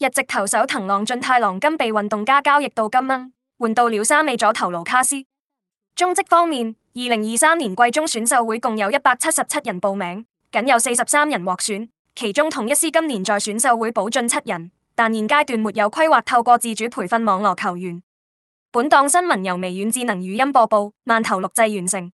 日籍投手藤浪俊太郎今被運動家交易到金鶯，換到了三美左投盧卡斯。中職方面，二零二三年季中選秀會共有一百七十七人報名，僅有四十三人獲選，其中統一獅今年在選秀會補進七人，但現階段沒有規劃透過自主培訓網羅球員。本檔新聞由微軟智能語音播報，慢投錄製完成。